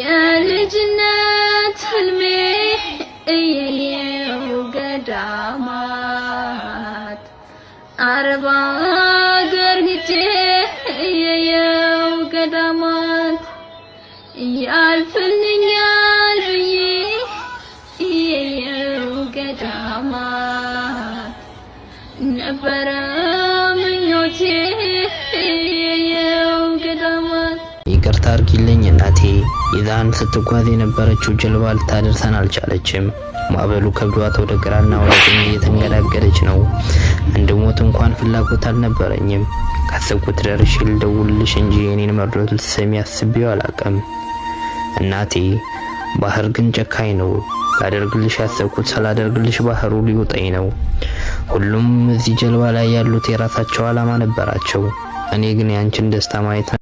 የልጅነት ህልሜ እየየው ገዳማት አረባ አገር ሂጄ እየየው ገዳማት ያልፍልኛል ብዬ እየየው ገዳማት ነበረ ምኞቴ አርጊልኝ እናቴ። ይዛን ስትጓዝ የነበረችው ጀልባ ልታደርሰን አልቻለችም። ማዕበሉ ከብዷት ወደ ግራና ወደ ቀኝ እየተንገዳገደች ነው። እንድሞት እንኳን ፍላጎት አልነበረኝም። ካሰብኩት ደርሼ ልደውልሽ እንጂ የኔን መርዶት ልትሰሚ አስቤው አላቅም እናቴ። ባህር ግን ጨካኝ ነው። ላደርግልሽ ያሰብኩት ስላደርግልሽ ባህሩ ሊውጠኝ ነው። ሁሉም እዚህ ጀልባ ላይ ያሉት የራሳቸው ዓላማ ነበራቸው። እኔ ግን ያንቺን ደስታ ማየት